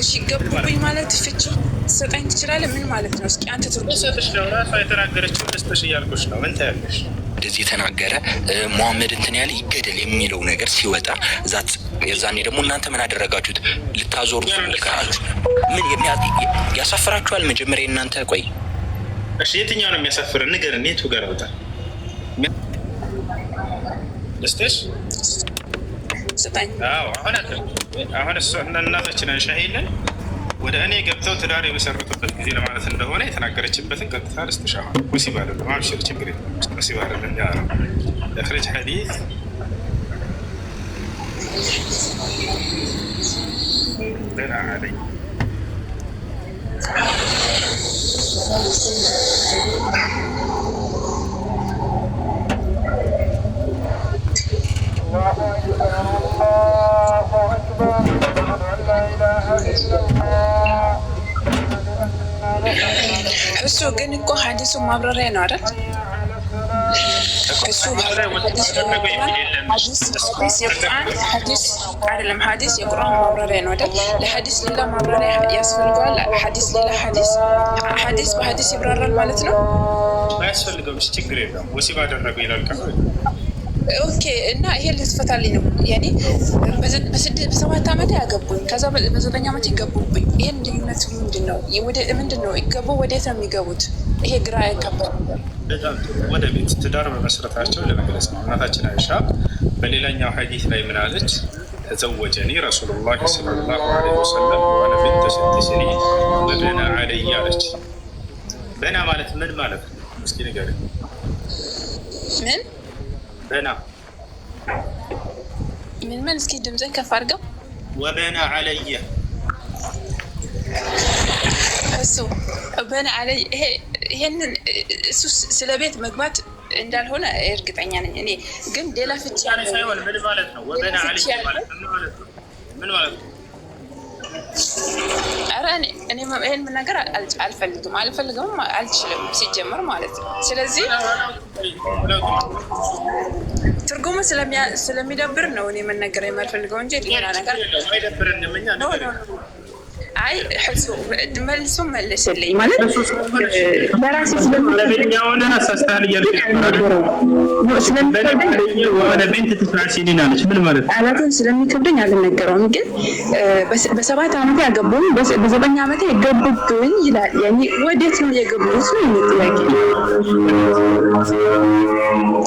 እሺ ገቡብኝ ማለት ፍቺ ሰጠኝ ትችላለህ? ምን ማለት ነው? እስኪ አንተ ትርጉም ሰጥሽ ነው። ራሷ የተናገረችው ደስተሽ እያልኩሽ ነው። ምን ታያለሽ? እንደዚህ የተናገረ መሐመድ እንትን ያለ ይገደል የሚለው ነገር ሲወጣ እዛት የዛኔ ደግሞ እናንተ ምን አደረጋችሁት? ልታዞሩ ልካችሁ ምን ያሳፍራችኋል? መጀመሪያ እናንተ ቆይ፣ እሺ የትኛው ነው የሚያሳፍረ? ንገር፣ ኔቱ ጋር ወጣ ደስተሽ ስጠኝ። አሁን እሱ እናታችንን ሻሂልን ወደ እኔ ገብተው ትዳር የመሰረቱበት ጊዜ ለማለት እንደሆነ የተናገረችበትን ቀጥታ ልስጥሻ። ወሲብ አይደለም፣ አብሽር፣ ችግር የለም። ወሲብ አይደለም ያለው እክርጅ ሐዲስ ገና አለኝ ግን እኮ ሀዲሱ ማብራሪያ ነው አይደል? እሱ አይደለም ሀዲስ የቁርአን ማብራሪያ ነው አይደል? ለሀዲስ ሌላ ማብራሪያ ያስፈልገዋል። ሀዲስ ሌላ ሀዲስ ሀዲስ በሀዲስ ይብራራል ማለት ነው። አያስፈልገውም። ችግር የለም። ወሲብ አደረገው ይላል ኦኬ እና ይሄ ልትፈታልኝ ነው ያኔ በሰባት ዓመት ያገቡኝ ከዛ በዘጠኝ ዓመት ይገቡብኝ። ይህን ልዩነት ምንድን ነው? ምንድን ነው ይገቡ? ወዴት ነው የሚገቡት? ይሄ ግራ ያቀባል። ወደ ቤት ትዳር በመሰረታቸው ለመግለጽ ነው። እናታችን አይሻ በሌላኛው ሀዲት ላይ ምናለች? ተዘወጀኒ ረሱሉላህ ሰለላሁ ዐለይሂ ወሰለም ዋለፊት ተሸትስኒ ወበና አለይ አለች። በና ማለት ምን ማለት ነው? እስኪ ንገሪኝ ምን ወበና ምን ምን? እስኪ ድምፅህን ከፍ አድርገው። ወበና አለየ እሱ በና አለይ ይሄንን እሱ ስለ ቤት መግባት እንዳልሆነ እርግጠኛ ነኝ። እኔ ግን ሌላ ፍቺ ሳይሆን ምን ማለት ነው? ወበና አለየ ምን ማለት ነው? ኧረ እኔ ይህን ነገር አልፈልግም አልፈልግምም አልችልም ሲጀምር ማለት ነው። ስለዚህ ትርጉሙ ስለሚደብር ነው እኔ መነገር የማልፈልገው እንጂ ሌላ ነገር አይ እሱ መልሱ መልስልኝ ማለት ለራሴ ስለሆነ አሳስተሃል እያለች ምን ማለት አላትን ስለሚከብደኝ አልነገረውም። ግን በሰባት ዓመቴ አገቡም በዘጠኝ ዓመቴ የገቡብኝ ይላል። ወዴት ነው የገቡት ነው ጥያቄ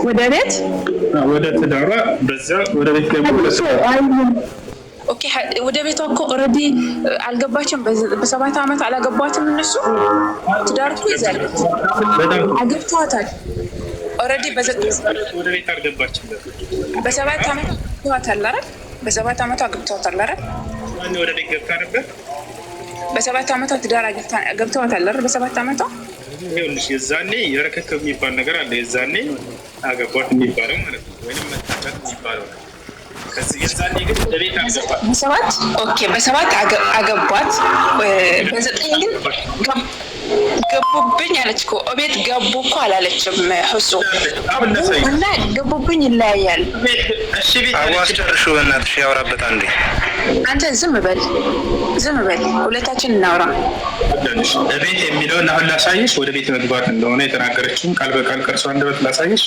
ወደ ቤት ወደ ትዳሯ በዛ ወደ ቤት ገቡ ኦኬ ወደ ቤቷ እኮ ኦልሬዲ አልገባችም። በሰባት ዓመት አላገባትም። እነሱ ትዳር እኮ ይዛለች፣ አግብተዋታል። ኦልሬዲ በሰባት ዓመት አግብተዋታል አይደል? በሰባት ዓመቱ አግብተዋታል አይደል? ወደ ቤት ገብታ ነበር። በሰባት ዓመቷ ትዳር ገብተዋታል አይደል? በሰባት ዓመቷ ይኸውልሽ፣ የዛኔ የረከከብ የሚባል ነገር አለ። የዛኔ አገባት የሚባለው ማለት ነው፣ ወይም መታጫት የሚባለው ነው በሰባት ኦኬ፣ በሰባት አገቧት። በዘጠኝ ግን ገቡብኝ አለች እኮ እቤት ገቡ እኮ አላለችም። እሱ እና ገቡብኝ ይለያያል። አዋስጨርሹ በእናትሽ ያውራበት አንዴ። አንተ ዝም በል ዝም በል፣ ሁለታችን እናውራ። እቤት የሚለውን አሁን ላሳየሽ፣ ወደ ቤት መግባት እንደሆነ የተናገረችውን ቃል በቃል ቀርሶ አንደበት ላሳየሽ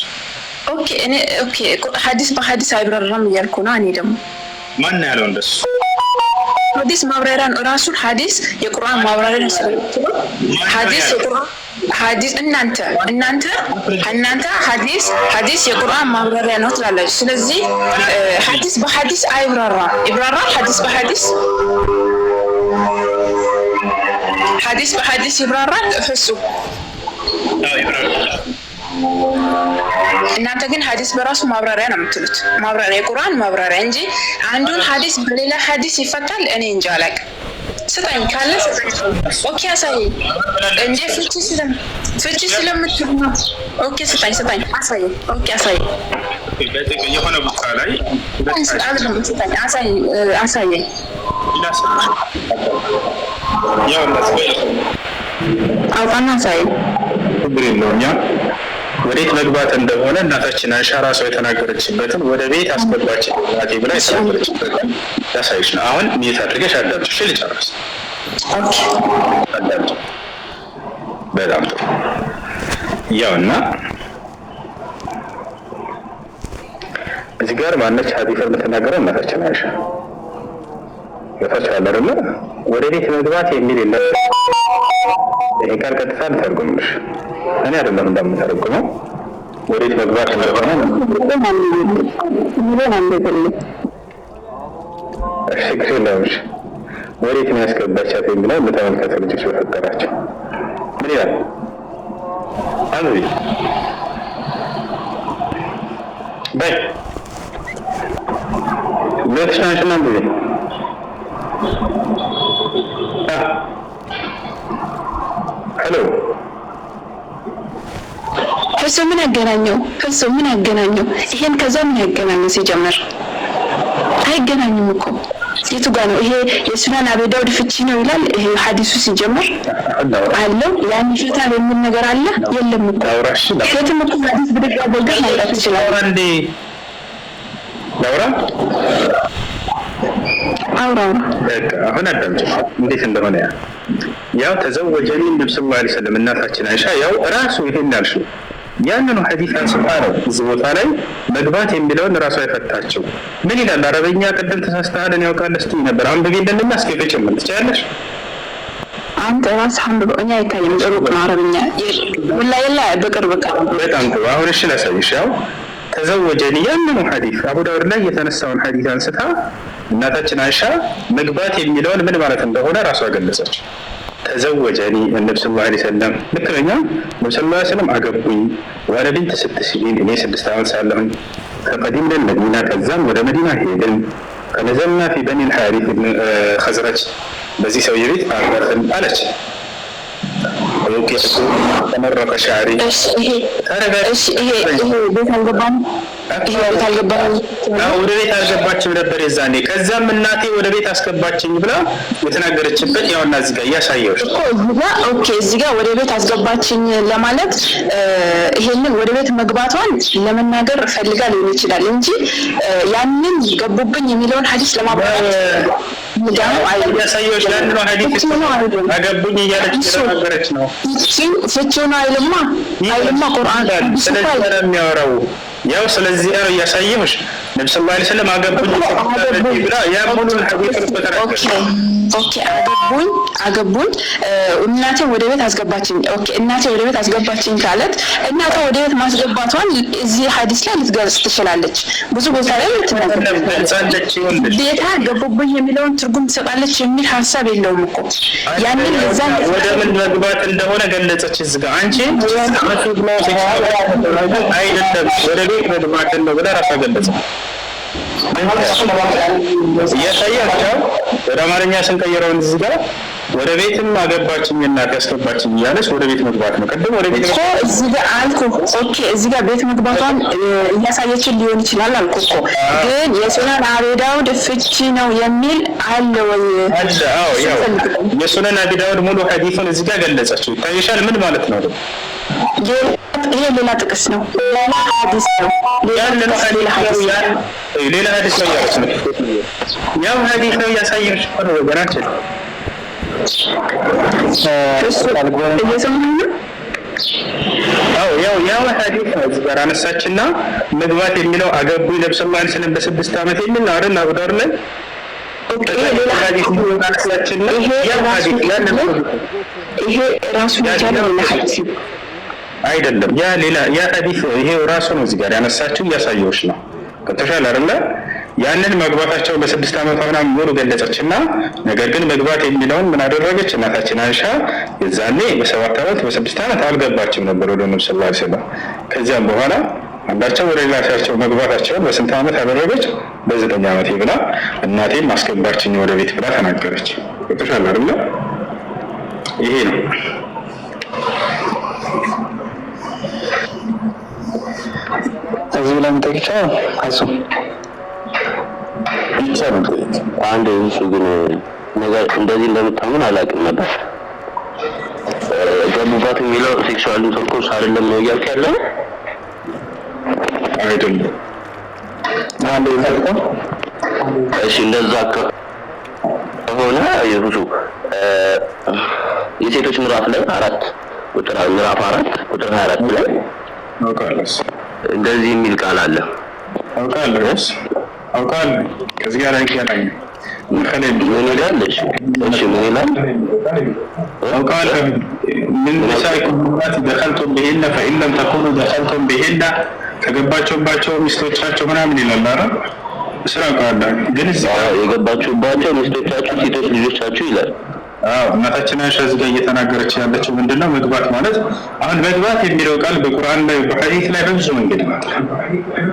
ኦኬ እኔ ኦኬ ሐዲስ በሐዲስ አይብራራም እያልኩ ነው። እኔ ደግሞ ማን ያለው እንደሱ ሐዲስ ማብራሪያን እራሱን ሐዲስ የቁርአን ማብራሪያን ሐዲስ የቁርአን ሐዲስ እናንተ እናንተ እናንተ ሐዲስ ሐዲስ የቁርአን ማብራሪያ ነው ትላለች። ስለዚህ ሐዲስ በሐዲስ አይብራራም። ይብራራል ሐዲስ በሐዲስ ሐዲስ በሐዲስ ይብራራል። እሱ ይብራራል እናንተ ግን ሀዲስ በራሱ ማብራሪያ ነው የምትሉት። ማብራሪያ የቁርአን ማብራሪያ እንጂ አንዱን ሀዲስ በሌላ ሀዲስ ይፈታል። እኔ እንጃ አላውቅም። ስጠኝ ካለ ኦኬ፣ አሳየኝ እንጂ ፍቺ ፍቺ ስለምትሉ ኦኬ፣ ስጠኝ ስጠኝ፣ አሳየኝ። ኦኬ፣ አሳየኝ የሆነ ቦታ ላይ አሳየኝ። አውጣና አሳየኝ። ችግር የለውም ያ ወዴት መግባት እንደሆነ እናታችን አይሻ ራሷ የተናገረችበትን ወደ ቤት አስገባች እናቴ ብላ የተናገረችበትን ያሳይሽ ነው። አሁን ሚት አድርገሽ አዳምጪ። እሺ ልጨርስ። አዳምጪ። በጣም ጥሩ። ያው እና እዚህ ጋር ማነች ሀዲፈር የምትናገረው እናታችን አይሻ ገፋቸው አይደለ? ወደ ቤት መግባት የሚል የለ። ይሄ ቃል ቀጥታ ልተርጉምልሽ እኔ አይደለም እንደምተረጉመው ወዴት መግባት እንደሆነ እሺ፣ ወዴት ነው ያስገባቻት የሚለውን ልጆች በፈጠራቸው ምን ይላል? አንዚ በይ ጊዜ እርሱ ምን ያገናኘው? እርሱ ምን ያገናኘው? ይሄን ከዛ ምን ያገናኘው? ሲጀምር አይገናኝም እኮ የቱ ጋ ነው ይሄ? የሱናን አቢ ዳውድ ፍቺ ነው ይላል ይሄ ሀዲሱ ሲጀምር አለው። ያን ይፈታል የሚል ነገር አለ የለም እኮ እኮ ሀዲስ ብድግ አድርገህ ማውጣት ይችላል። ላውራ አውራ አሁን አዳምጪ፣ እንዴት እንደሆነ ያ ያው ተዘወጀኒ ነብዩ ላ ሰለም እናታችን አይሻ ያው ራሱ ይሄን ያልሽው ያንኑ ሐዲስ አንስታ ነው እዚህ ቦታ ላይ መግባት የሚለውን ራሱ አይፈታቸው። ምን ይላል? አረበኛ ቅድም ተሳስተሃልን ያውቃል ስ ነበር አንብ አንድ እንደምን እስኪ ምን ትችላለሽ። አንተ ራስህ አንብበው። እኛ አይታይም፣ ሩቅ ነው። አረበኛ ላ የላ በቅርብ በጣም ጥሩ። አሁን እሺ ላሳይሽ። ያው ተዘወጀን ያንኑ ሐዲስ አቡ ዳውድ ላይ የተነሳውን ሐዲስ አንስታ እናታችን አይሻ መግባት የሚለውን ምን ማለት እንደሆነ ራሱ አገለጸች። ተዘወጀኒ ነብ ስ ላ ሰለም ልክለኛ ነብ ስ ላ ሰለም አገቡኝ። ዋለ ቢንት ስድስት ሲጂን እኔ ስድስት ዓመት ሳለሁኝ ከቀዲም ደን መዲና ከዛም ወደ መዲና ሄድን። ከነዘልና ፊ በኒ ልሓሪፍ ከዝረጅ በዚህ ሰውዬ ቤት አረፍን አለች። ወውቂዕቱ ተመረቀ ሻዕሪ ታረጋ ቤት አልገባም ወደ ቤት አልገባችም ነበር የዛኔ። ከዚያም እናቴ ወደ ቤት አስገባችኝ ብላ የተናገረችበት ያውና እዚህ ጋር እያሳየሁሽ ኦኬ፣ እዚህ ጋር ወደ ቤት አስገባችኝ ለማለት ይሄንን ወደ ቤት መግባቷን ለመናገር ፈልጋ ሊሆን ይችላል እንጂ ያንን ገቡብኝ የሚለውን ሀዲስ ለማብራራት ያሳየሁሽ ለአንድ ነው። ሐዲስ አገቡኝ እያለች የተናገረች ነው። ፍቺ አይልማ አይልማ ቁርአን ስለዚህ ነው ያው ስለዚህ ር እያሳየሁሽ ነብስ ላ ስለም አገባ ብላ ያ ሙሉን ሀጉ ኦኬ አገቡኝ አገቡኝ እናቴ ወደ ቤት አስገባችኝ። ኦኬ እናቴ ወደ ቤት አስገባችኝ ካለት እናቷ ወደ ቤት ማስገባቷን እዚህ ሀዲስ ላይ ልትገልጽ ትችላለች። ብዙ ቦታ ላይ ቤታ ገቡብኝ የሚለውን ትርጉም ትሰጣለች የሚል ሀሳብ የለውም እኮ ያንን ለዛ ወደ ምን መግባት እንደሆነ ገለጸች። እዚህ ጋር አንቺ አይደለም ወደ ቤት መግባት ነው ብለህ ራሷ ገለጸ። እየጠየቅቸው ወደ አማርኛ ስንቀይረው እዚህ ጋር ወደ ቤትም አገባችኝ እና ያስገባችኝ እያለች ወደ ቤት መግባት ነው። ቅድም ወደ ቤት እዚህ ጋር አልኩህ። ኦኬ እዚህ ጋር ቤት መግባቷን እያሳየችን ሊሆን ይችላል አልኩህ እኮ። ግን የሱነን አቤዳውድ ፍቺ ነው የሚል አለ ወይ? የሱነን አቤዳውድ ሙሉ ሐዲሱን እዚህ ጋር ገለጸችው። ይታይሻል። ምን ማለት ነው? ይሄ ሌላ ጥቅስ ነው፣ ሌላ ሀዲስ ነው። ሌላ ሀዲስ ነው እያሉት ነው። ያው ሀዲስ ነው እያሳየች ነው ወገናችን። እየሰማኸኝ ነው? አው ያው ያው ሐዲስ አዝበር አነሳችና መግባት የሚለው አገቡ ነብዩ ሰለላሁ ዐለይሂ በስድስት ዓመት የሚል ነው አይደል? አቡዳር ላይ ይሄ ራሱ ያለው ይሄ ራሱ አይደለም ያ ሌላ ያ ሀዲስ ይሄው ራሱ ነው። እዚህ ጋር ያነሳችው እያሳየዎች ነው። ከተሻለ አይደለ ያንን መግባታቸው በስድስት ዓመቷ ምናምን ሙሉ ገለጸችና ነገር ግን መግባት የሚለውን ምን አደረገች እናታችን አይሻ የዛኔ በሰባት ዓመት በስድስት ዓመት አልገባችም ነበር ወደ ነብ ስላ ስለም ከዚያም በኋላ አንዳቸው ወደ ሌላቸው መግባታቸውን በስንት ዓመት አደረገች በዘጠኝ ዓመቴ ብላ እናቴም አስገባችኝ ወደ ቤት ብላ ተናገረች። ከተሻለ አይደለ ይሄ ነው። እዚህ ብለን ጠይቀ አሱ ይቻል አንድ እሱ ግን ነገር እንደዚህ እንደምታምን አላውቅም ነበር። ገቡባት የሚለው ሴክሱዋል ኢንተርኮርስ አይደለም ነው እያልክ ያለ አይደለም? እሺ፣ እንደዛ ከሆነ የብዙ የሴቶች ምዕራፍ ላይ አራት ቁጥር ምዕራፍ አራት ቁጥር ሀያ አራት ላይ እንደዚህ የሚል ቃል አለ። አውቃለሁ ስ አውቃለሁ ከዚህ ጋር አይገናኝም። ምን እሺ ምን ይላል? አውቃለሁ ምን ደኸልቱም ደኸልቱም ከገባችሁባቸው ሚስቶቻቸው ምናምን ይላል ስራ አውቃለሁ ግን የገባችሁባቸው ሚስቶቻችሁ ሴቶች ልጆቻችሁ ይላል። እናታችን አይሻ እዚህ ጋር እየተናገረች ያለችው ምንድነው? መግባት ማለት አሁን መግባት የሚለው ቃል በቁርአን ላይ በሐዲስ ላይ በብዙ መንገድ ይመጣል።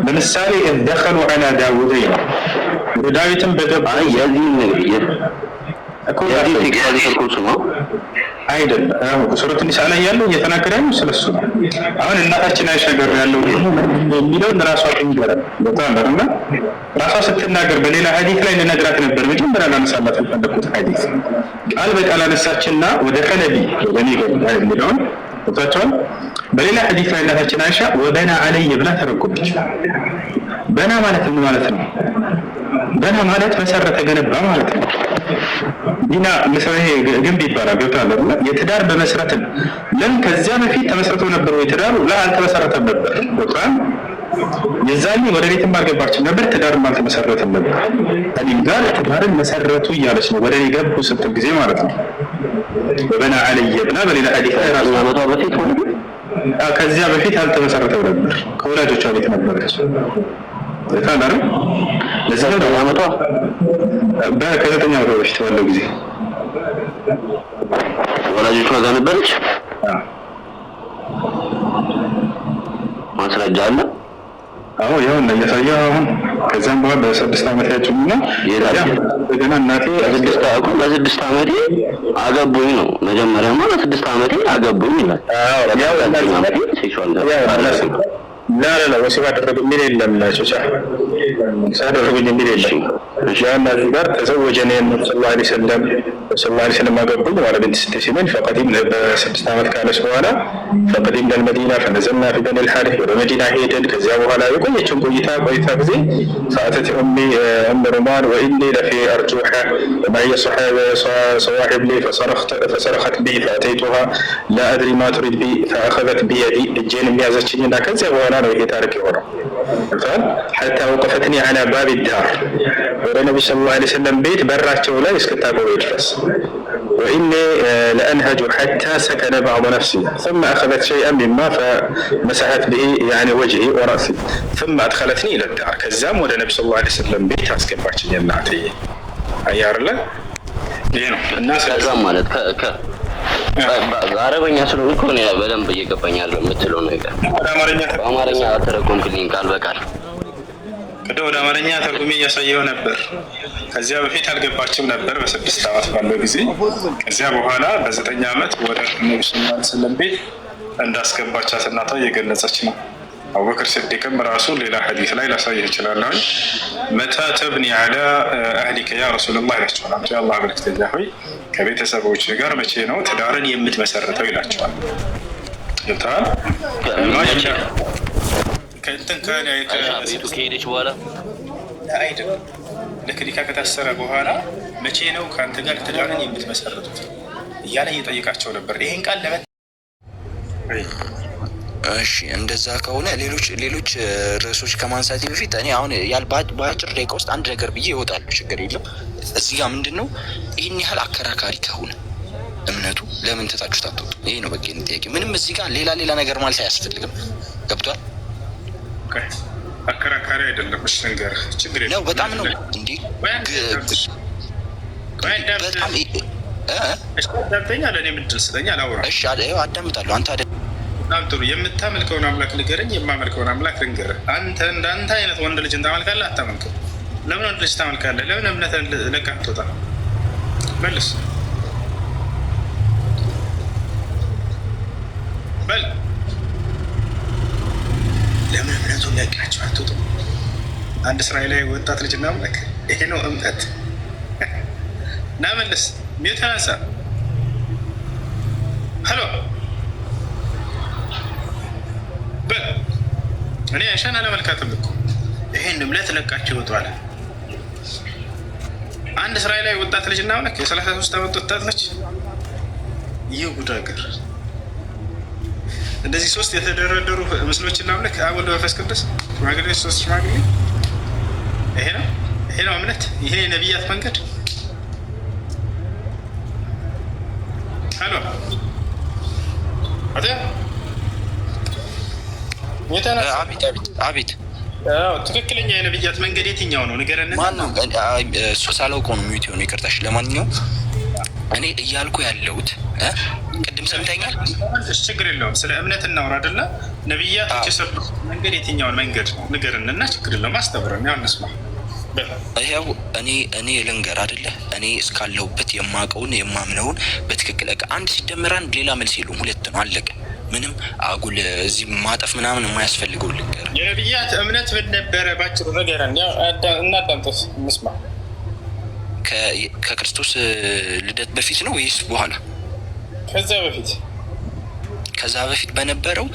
ለምሳሌ እደኸሉ ዐላ ዳውድ ይላል። ወደ ዳዊትም በገባ ያዚህ ነው አይደለም ሱረት ኒሳ ላይ ያለው እየተናገረ ያለው ስለሱ ነው። አሁን እናታችን አይሻ ጋር ያለው የሚለውን ራሷ ትንገረን በጣም ራሷ ስትናገር በሌላ ሀዲት ላይ ልነግራት ነበር። መጀመሪያ ላነሳላት ያልፈለኩት ሀዲት ቃል በቃል አነሳችና ወደ ከለቢ ወደ የሚለውን ወጣቻን በሌላ ሐዲስ ላይ እናታችን አይሻ ወበና አለይ ብላ ተረጎመች። በና ማለት ምን ማለት ነው? በና ማለት መሰረተ፣ ገነባ ማለት ነው። ዲና መስራሄ ግንብ ይባላል። ገብቷል አይደል? የትዳር በመስረት ለምን ከዚያ በፊት ተመስርቶ ነበር ወይ ትዳሩ? ላ አልተመሰረተም ነበር። የዛኔ ወደ ቤትም አልገባችም ነበር፣ ትዳርም አልተመሰረትም ነበር። እኔም ጋር ትዳርን መሰረቱ እያለች ነው ወደ እኔ ገቡ ስትል ጊዜ ማለት ነው። ወበና አለየ ብላ በሌላ በፊት ዲፋ ከዚያ በፊት አልተመሰረተም ነበር። ከወላጆቿ ቤት ነበር ከሱ ታላረ ለዛመቷ ከዘጠኛ ዓመቷ በፊት ባለው ጊዜ ወላጆቿ እዛ ነበረች። ማስረጃ አለ። አዎ ያው እንደያሳየ አሁን ከዛም በኋላ በስድስት ዓመት ያጭሙና እንደገና እናቴ በስድስት አቁ በስድስት ዓመቴ አገቡኝ ነው መጀመሪያማ በስድስት ዓመቴ አገቡኝ ይላል። አዎ ያው ነው ወሲብ አደረጉ የሚል የለም ናቸው ሳያደረጉኝ የሚል የለም። እሺ ጋር ተዘወጀ ነው ሰለላሁ ዐለይሂ ወሰለም صلى الله عليه وسلم قبل وانا بنت ست سنين فقدمنا بست سنوات كان اسمه فقدمنا المدينه فنزلنا في بني الحارث الى المدينه هيدن كزيا وغلا يقول يتم قويتا قويتا بزي فاتت امي ام رومان واني لفي ارجوحة ومعي صحابي صواحب لي فصرخت فصرخت بي فاتيتها لا ادري ما تريد بي فاخذت بيدي الجين اللي عزتشني كزيا وغلا وهي تاركي ورا حتى وقفتني على باب الدار ولا النبي صلى الله عليه وسلم بيت براتشو لا يسكتاب ويجلس واني آه، لانهج حتى سكن بعض نفسي ثم اخذت شيئا مما فمسحت به يعني وجهي وراسي ثم ادخلتني الى الدار كزام ولا النبي صلى الله عليه وسلم بيت اسكباتشو يناتي عيار الله الناس كزام مالت አረበኛ ስለሆነ እኮ እኔ በደንብ እየገባኝ አለ የምትለው ነገር በአማርኛ ተረጎምክልኝ ቃል በቃል ቅድም ወደ አማርኛ ተርጉሜ እያሳየው ነበር። ከዚያ በፊት አልገባችም ነበር በስድስት ዓመት ባለው ጊዜ። ከዚያ በኋላ በዘጠኝ ዓመት ወደ ነብስና ስለም ቤት እንዳስገባቻት እናቷ እየገለጸች ነው። አቡበክር ስዲቅም ራሱ ሌላ ሐዲስ ላይ ላሳይ ይችላለሁኝ። መታ ተብኒ አላ አህሊከ ያ ረሱልላህ ይላቸዋል። የአላህ መልክተኛ ሆይ ከቤተሰቦች ጋር መቼ ነው ትዳርን የምትመሰርተው ይላቸዋል። ገብተሃል? ከእንትን ከሄደች በኋላ አይደለም ለክሊካ ከታሰረ በኋላ መቼ ነው ከአንተ ጋር ትዳርን የምትመሰርቱት እያለ እየጠየቃቸው ነበር። ይህን ቃል ለመ እሺ እንደዛ ከሆነ ሌሎች ሌሎች ርዕሶች ከማንሳት በፊት እኔ አሁን በአጭር ደቂቃ ውስጥ አንድ ነገር ብዬ ይወጣሉ፣ ችግር የለም። እዚህ ጋር ምንድን ነው ይህን ያህል አከራካሪ ከሆነ እምነቱ ለምን ትታችሁ ታትወጡ? ይሄ ነው በቂ ጥያቄ። ምንም እዚህ ጋር ሌላ ሌላ ነገር ማለት አያስፈልግም። ገብቷል? አከራካሪ አይደለም ነገር ችግር ነው። በጣም ነው እንዴ በጣም ለእኔ ስለኛ እሺ አዳምጣለሁ አንተ በጣም ጥሩ። የምታመልከውን አምላክ ንገረኝ፣ የማመልከውን አምላክ ልንገርህ። አንተ እንዳንተ አይነት ወንድ ልጅን ታመልካለህ? አታመልክም። ለምን ወንድ ልጅ ታመልካለህ? ለምን እምነትህን ለቀህ አትወጣም? መልስ በል። ለምን እምነቱን ለቃቸው አትወጡም? አንድ እስራኤላዊ ወጣት ልጅ እናምለክ። ይሄ ነው እምነት። ና መልስ። ሚዩት ተነሳ እኔ አይሻን አለመልካትም እኮ ይሄን እምነት ለቃቸው ይወጧል። አንድ እስራኤላዊ ወጣት ልጅ እና እናምለክ የሰላሳ ሶስት ዓመት ወጣት ነች። ይህ ጉድ ሀገር እንደዚህ ሶስት የተደረደሩ ምስሎች እናምለክ አብ ወልድ መንፈስ ቅዱስ ሽማግሌ ሶስት ሽማግሌ ይሄ ነው ይሄ ነው እምነት ይሄ የነቢያት መንገድ አሎ አቶ አቤት ትክክለኛ የነብያት መንገድ የትኛው ነው? ንገረን። እሱ ሳላውቀው ነው ይቅርታሽ። ለማንኛውም እኔ እያልኩ ያለሁት ቅድም ሰምተኛል። ችግር የለውም። ስለ እምነት እናውራ አይደለ? ነብያቶች መንገድ የትኛውን መንገድ ነው? ችግር የለውም። ያው እንስማ። ይኸው እኔ እኔ ልንገር አይደለ? እኔ እስካለሁበት የማውቀውን የማምነውን በትክክል አንድ ሲደመር አንድ ሌላ መልስ ሁለት ነው፣ አለቀ። ምንም አጉል እዚህ ማጠፍ ምናምን የማያስፈልገው ልንገር። የነቢያት እምነት ምን ነበረ? ባጭሩ ነገረን፣ እናዳምጠስ እንስማ። ከክርስቶስ ልደት በፊት ነው ወይስ በኋላ? ከዛ በፊት ከዛ በፊት በነበረው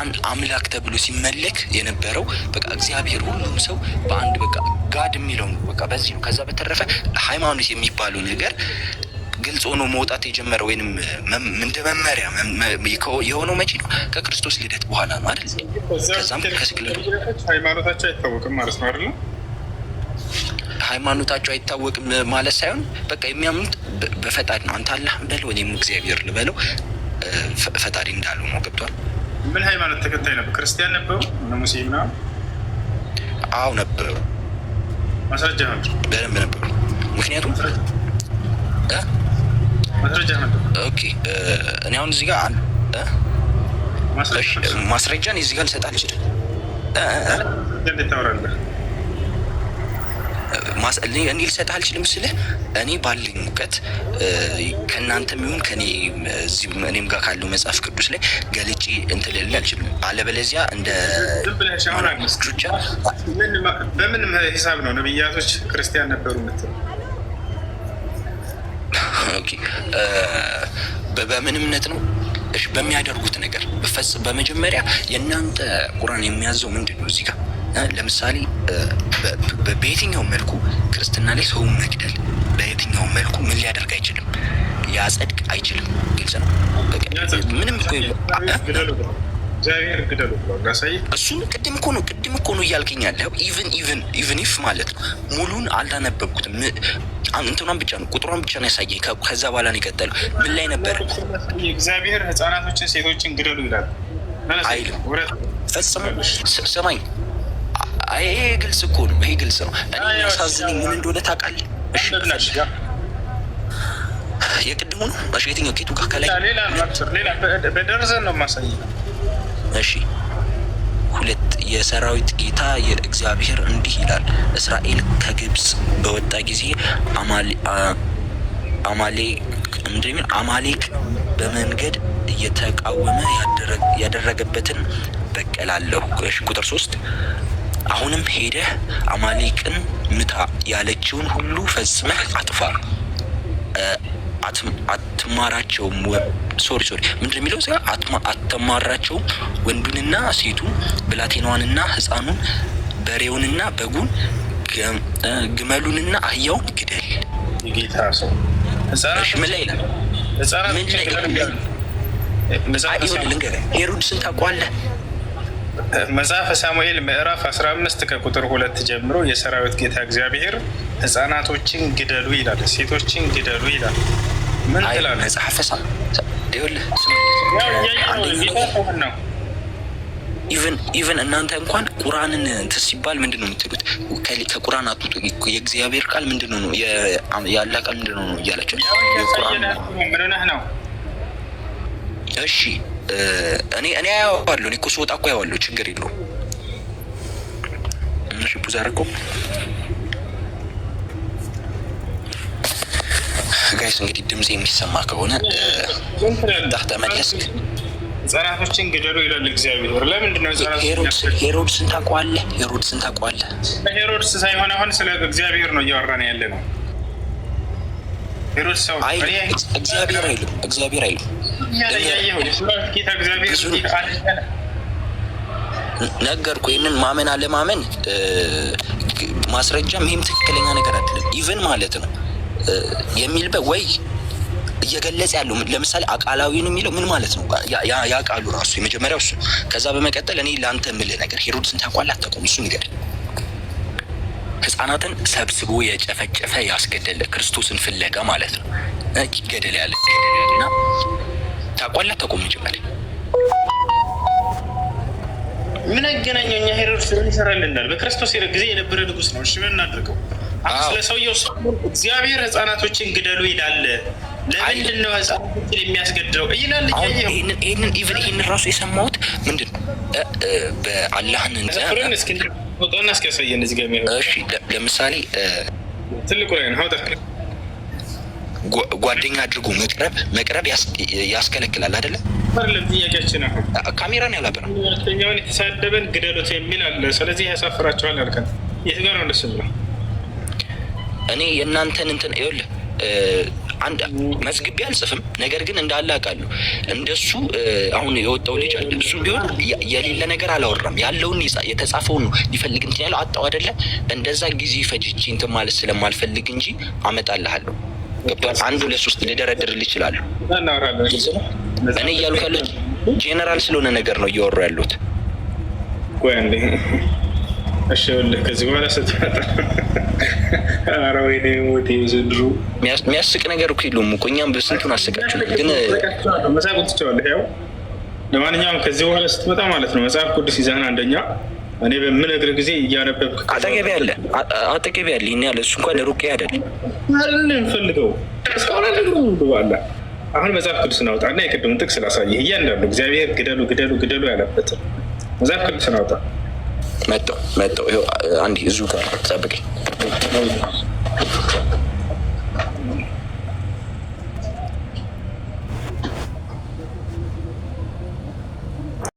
አንድ አምላክ ተብሎ ሲመለክ የነበረው በቃ እግዚአብሔር ሁሉም ሰው በአንድ በቃ ጋድ የሚለው በቃ በዚህ ነው። ከዛ በተረፈ ሃይማኖት የሚባለው ነገር ግልጽ ሆኖ መውጣት የጀመረ ወይንም እንደ መመሪያ የሆነው መቼ ነው? ከክርስቶስ ልደት በኋላ ነው አይደል? ከዛም ከስቅለቱ ሃይማኖታቸው አይታወቅም ማለት ነው አይደለም? ሃይማኖታቸው አይታወቅም ማለት ሳይሆን በቃ የሚያምኑት በፈጣሪ ነው። አንተ አላህ በለው እኔም እግዚአብሔር ልበለው ፈጣሪ እንዳሉ ነው። ገብቷል። ምን ሃይማኖት ተከታይ ነበር? ክርስቲያን ነበሩ? እነ ሙሴ ምናምን? አዎ ነበሩ። ማስረጃ ነበሩ፣ በደንብ ነበሩ። ምክንያቱም እኔ አሁን እዚህ ጋር ማስረጃን እዚህ ጋር ልሰጥ አልችልም። እኔ ልሰጥህ አልችልም ስልህ እኔ ባለኝ እውቀት ከእናንተ የሚሆን ከእኔ እኔም ጋር ካለው መጽሐፍ ቅዱስ ላይ ገልጬ እንትን ልልህ አልችልም። አለበለዚያ እንደ ምን በምን ሂሳብ ነው ነብያቶች ክርስቲያን ነበሩ የምትለው? ኦኬ በምን እምነት ነው? እሺ በሚያደርጉት ነገር በፈጽ በመጀመሪያ የእናንተ ቁርአን የሚያዘው ምንድን ነው? እዚህ ጋር ለምሳሌ በየትኛው መልኩ ክርስትና ላይ ሰው መግደል በየትኛው መልኩ ምን ሊያደርግ አይችልም፣ ያጸድቅ አይችልም። ግልጽ ነው። ምንም እኮ እሱን ቅድም እኮ ነው ቅድም እኮ ነው እያልከኝ ኢቨን ኢቨን ኢቨን ኢፍ ማለት ነው። ሙሉን አልዳነበብኩትም እንትኗን ብቻ ነው ቁጥሯን ብቻ ነው ያሳየኝ። ከዛ በኋላ ነው የቀጠለው። ምን ላይ ነበር? እግዚአብሔር ህፃናቶችን፣ ሴቶችን ግደሉ ይላል አይልም? ፈጽሞ ስማኝ። ይሄ ግልጽ እኮ ነው። ይሄ ግልጽ ነው። እኔ የሚያሳዝነኝ ምን እንደሆነ ታውቃለህ? የቅድሙ ነው። እሺ፣ የትኛው ኬቱ ጋር ከላይ ሌላ በደርዘን ነው ማሳይ። እሺ ሁለት የሰራዊት ጌታ የእግዚአብሔር እንዲህ ይላል፣ እስራኤል ከግብጽ በወጣ ጊዜ አማሌቅ በመንገድ እየተቃወመ ያደረገበትን በቀላለሁ። ቁጥር ሶስት አሁንም ሄደህ አማሌቅን ምታ፣ ያለችውን ሁሉ ፈጽመህ አጥፋ አትማራቸውም። ሶሪ ሶሪ፣ የሚለው አትማራቸውም። ወንዱንና ሴቱን ብላቴናዋንና ህፃኑን በሬውንና በጉን ግመሉንና አህያውን ግደል። ምን ላይ ይላል? ምን ላይ ይሆን? ልንገርህ ሄሮድስን ታውቀዋለህ? መጽሐፈ ሳሙኤል ምዕራፍ 15 ከቁጥር ሁለት ጀምሮ የሰራዊት ጌታ እግዚአብሔር ህጻናቶችን ግደሉ ይላል፣ ሴቶችን ግደሉ ይላል። ምን ትላለህ? ጸሐፈሳ ኢቨን ኢቨን እናንተ እንኳን ቁርአንን እንትን ሲባል ምንድን ነው የምትሉት? ከቁርአን አትውጡ። የእግዚአብሔር ቃል ምንድን ነው ያለ ቃል ምንድን ነው እያላቸው ነው። እሺ እኔ እኔ አያዋለሁ። እኔ እኮ ስወጣ እኮ አያዋለሁ። ችግር የለውም። እሺ ቡዛ ጋይስ እንግዲህ ድምፅ የሚሰማ ከሆነ ታህተ መለስክ ህጻናቶችን ግደሉ ይላል እግዚአብሔር። ለምንድን ነው ሄሮድስን ታውቀዋለህ? ሄሮድስን ታውቀዋለህ? ሄሮድስ ሳይሆን አሁን ስለ እግዚአብሔር ነው እያወራን ያለ ነው። ሄሮድስ ሰው እግዚአብሔር አይልም፣ እግዚአብሔር አይልም። ነገርኩ። ይህንን ማመን አለማመን ማስረጃም ይህም ትክክለኛ ነገር አይደለም። ኢቨን ማለት ነው የሚል ወይ እየገለጸ ያለው ለምሳሌ አቃላዊ ነው የሚለው ምን ማለት ነው? ያ ቃሉ ራሱ የመጀመሪያው እሱ። ከዛ በመቀጠል እኔ ለአንተ የምልህ ነገር ሄሮድስን ታውቋለህ አታውቅም? እሱ ንገድ ህፃናትን ሰብስቦ የጨፈጨፈ ያስገደለ ክርስቶስን ፍለጋ ማለት ነው። ይገደል ያለ እና ታውቋለህ አታውቅም? መጀመሪያ ምን አገናኘው? እኛ ሄሮድስ ምን ይሰራልናል? በክርስቶስ ጊዜ የነበረ ንጉስ ነው። እሺ ምን እናድርገው? ስለ ሰውየው እግዚአብሔር ህጻናቶችን ግደሉ ይላል። ለምንድን ነው ህጻናቶችን የሚያስገድለው ይላል። ይህንን ራሱ የሰማሁት ምንድን በአላህን እዚህ ጋር እሺ፣ ለምሳሌ ትልቁ ላይ ነው ጓደኛ አድርጎ መቅረብ መቅረብ ያስከለክላል አይደለ? ጥያቄያችን ነው ያላበራ ሁለተኛውን የተሳደበን ግደሉት የሚል አለ። ስለዚህ ያሳፍራቸዋል አልከን የት ጋር ነው ደስ ብለው እኔ የእናንተን እንትን ይኸውልህ አንድ መዝግቤ አልጽፍም። ነገር ግን እንዳለ አውቃለሁ። እንደሱ አሁን የወጣው ልጅ አለ። እሱም ቢሆን የሌለ ነገር አላወራም። ያለውን የተጻፈውን ሊፈልግ እንትን ያለው አጣው አይደለ? እንደዛ ጊዜ ፈጅቼ እንትን ማለት ስለማልፈልግ እንጂ አመጣልሃለሁ። ገብቶሃል? አንድ ሁለት ሶስት ልደረድርልህ እችላለሁ። እኔ እያሉ ያለሁት ጄኔራል ስለሆነ ነገር ነው እያወሩ ያሉት እሺ ይኸውልህ ከዚህ በኋላ ስትመጣ ኧረ ወይኔ ሞቴ ዘንድሮ የሚያስቅ ነገር እኮ የለውም እኮ እኛም በስንቱን አስቃችሁ ግን መጽሐፍ ትችዋለህ ያው ለማንኛውም ከዚህ በኋላ ስትመጣ ማለት ነው መጽሐፍ ቅዱስ ይዛህን አንደኛ እኔ በምነግርህ ጊዜ እያነበብክ አጠገቤ ያለ አጠገቤ ያለ ይህን ያለ እሱ እንኳን ሩቅ አይደል ፈልገው እስካሁን ብባለ አሁን መጽሐፍ ቅዱስ እናውጣና የቅድሙን ጥቅስ ስላሳየህ እያንዳንዱ እግዚአብሔር ግደሉ ግደሉ ግደሉ ያለበትን መጽሐፍ ቅዱስ እናውጣ መጣሁ መጣሁ። አንዴ እዚሁ ጋር ጠብቀኝ።